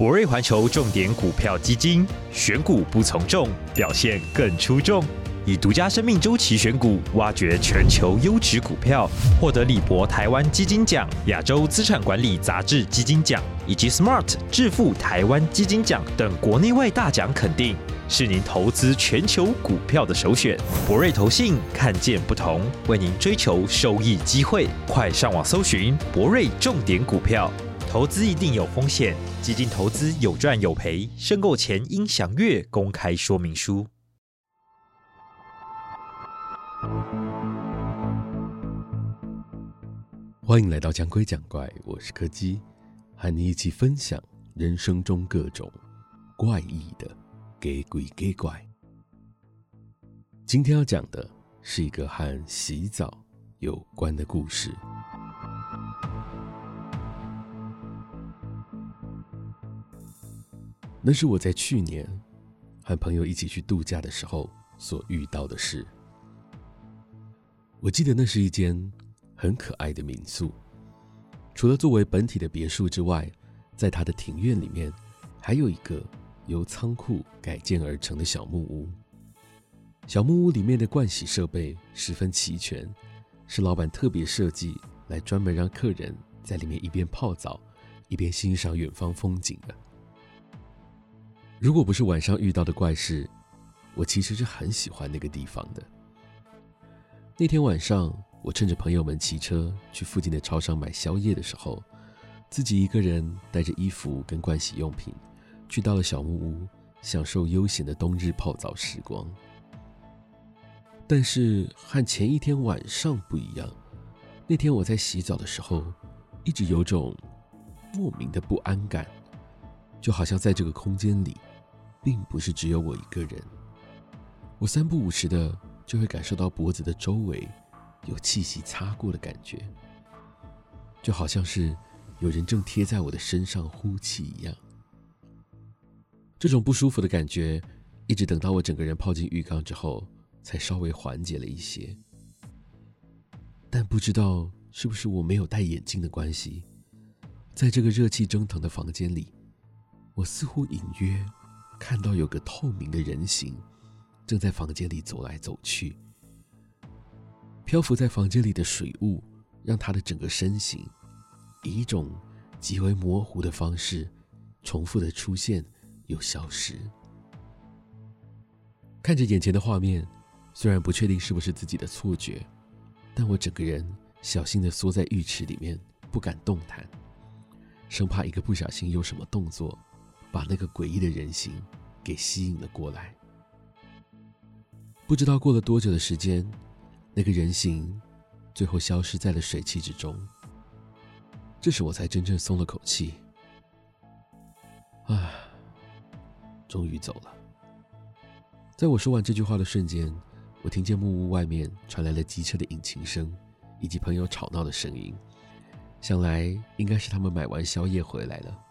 博瑞環球重點股票基金選股不從眾，表現更出眾。以獨家生命週期選股，挖掘全球優質股票，獲得理柏台灣基金獎、亞洲資產管理雜誌基金獎以及 Smart 致富台灣基金獎等國內外大獎肯定，是您投資全球股票的首選。博瑞投信，看見不同，為您追求收益機會。快上網搜尋博瑞重點股票。投資一定有風險，基金投資有賺有賠，申購前應詳閱公開說明書。歡迎來到講鬼講怪，我是柯基，和你一起分享人生中各種怪異的假鬼假怪。今天要講的是一個和洗澡有關的故事。那是我在去年和朋友一起去度假的時候所遇到的事。我記得那是一間很可愛的民宿，除了作為本體的別墅之外，在它的庭院裡面還有一個由倉庫改建而成的小木屋。小木屋裡面的盥洗設備十分齊全，是老板特別設計來專門讓客人在裡面一邊泡澡一邊欣賞遠方風景的啊。如果不是晚上遇到的怪事，我其實是很喜歡那個地方的。那天晚上，我趁着朋友們騎車去附近的超市買宵夜的時候，自己一個人帶着衣服跟盥洗用品，去到了小木屋，享受悠閒的冬日泡澡時光。但是和前一天晚上不一樣，那天我在洗澡的時候，一直有種莫名的不安感，就好像在這個空間裡，並不是只有我一個人。我三不五時的就會感受到脖子的周圍有氣息擦過的感覺，就好像是有人正貼在我的身上呼氣一樣。這種不舒服的感覺，一直等到我整個人泡進浴缸之後，才稍微緩解了一些。但不知道是不是我沒有戴眼鏡的關係，在這個熱氣蒸騰的房間裡，我似乎隱約看到有個透明的人形，正在房間裡走來走去。漂浮在房間裡的水霧，讓他的整個身形以一種極為模糊的方式重複的出現又消失。看着眼前的畫面，雖然不確定是不是自己的錯覺，但我整個人小心的縮在浴池裡面，不敢動彈，生怕一個不小心有什麼動作。把那個詭異的人形給吸引了過來。不知道過了多久的時間，那個人形最後消失在了水汽之中。這時我才真正鬆了口氣。啊，終於走了。在我說完這句話的瞬間，我聽見木屋外面傳來了機車的引擎聲，以及朋友吵鬧的聲音。想來應該是他們買完宵夜回來了。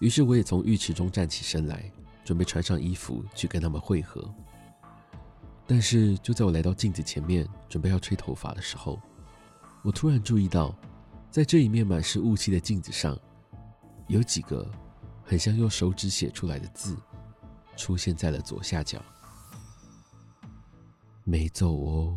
於是我也從浴池中站起身來，準備穿上衣服去跟他們會合。但是就在我來到鏡子前面，準備要吹頭髮的時候，我突然注意到，在這一面滿是霧氣的鏡子上，有幾個很像用手指寫出來的字，出現在了左下角。沒走哦。